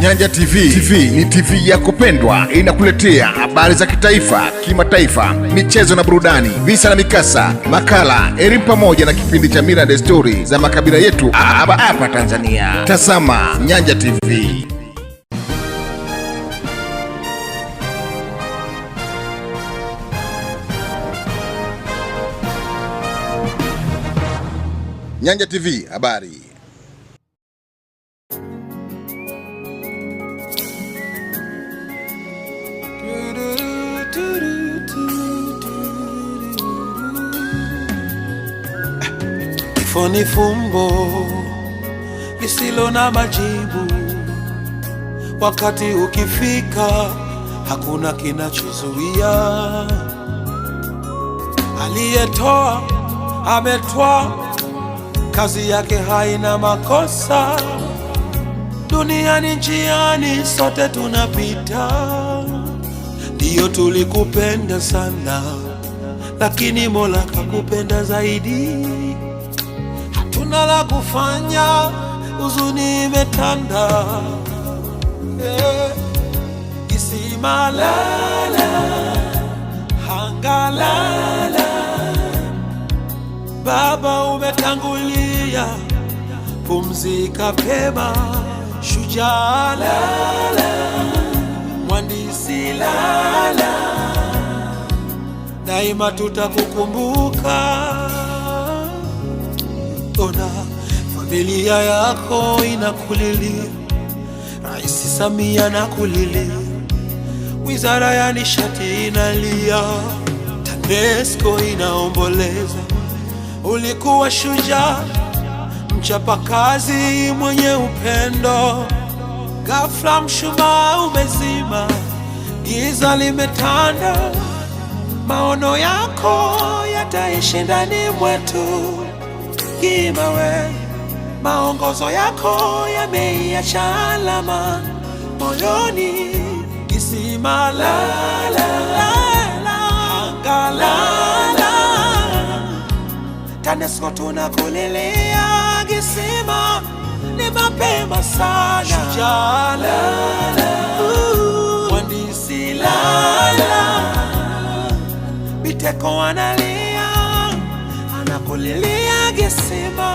Nyanja TV. TV ni TV yako pendwa, inakuletea habari za kitaifa, kimataifa, michezo na burudani, visa na mikasa, makala, elimu pamoja na kipindi cha mila na desturi za makabila yetu hapa hapa Tanzania. Tazama Nyanja TV. Nyanja TV habari. Kifo ni fumbo lisilo na majibu, wakati ukifika hakuna kinachozuia. Aliyetoa ametoa, kazi yake haina makosa. Duniani njiani sote tunapita, ndiyo tulikupenda sana, lakini Mola kakupenda zaidi. sina la kufanya, huzuni imetanda eh, kisima lala, hanga lala, baba umetangulia, pumzika pema, shujaa lala, mwandisi lala, daima tutakukumbuka. ona familia yako inakulilia, Rais Samia nakulilia, wizara ya nishati inalia, TANESCO inaomboleza. Ulikuwa shujaa, mchapakazi, mwenye upendo, ghafla mshumaa umezima, giza limetanda, maono yako yataishi ndani mwetu. Kiba we, maongozo yako yameiacha alama moyoni, kisima la TANESCO tunakulelea, kisima ni mapema sana, la la Biteko analia, anakulelea See my.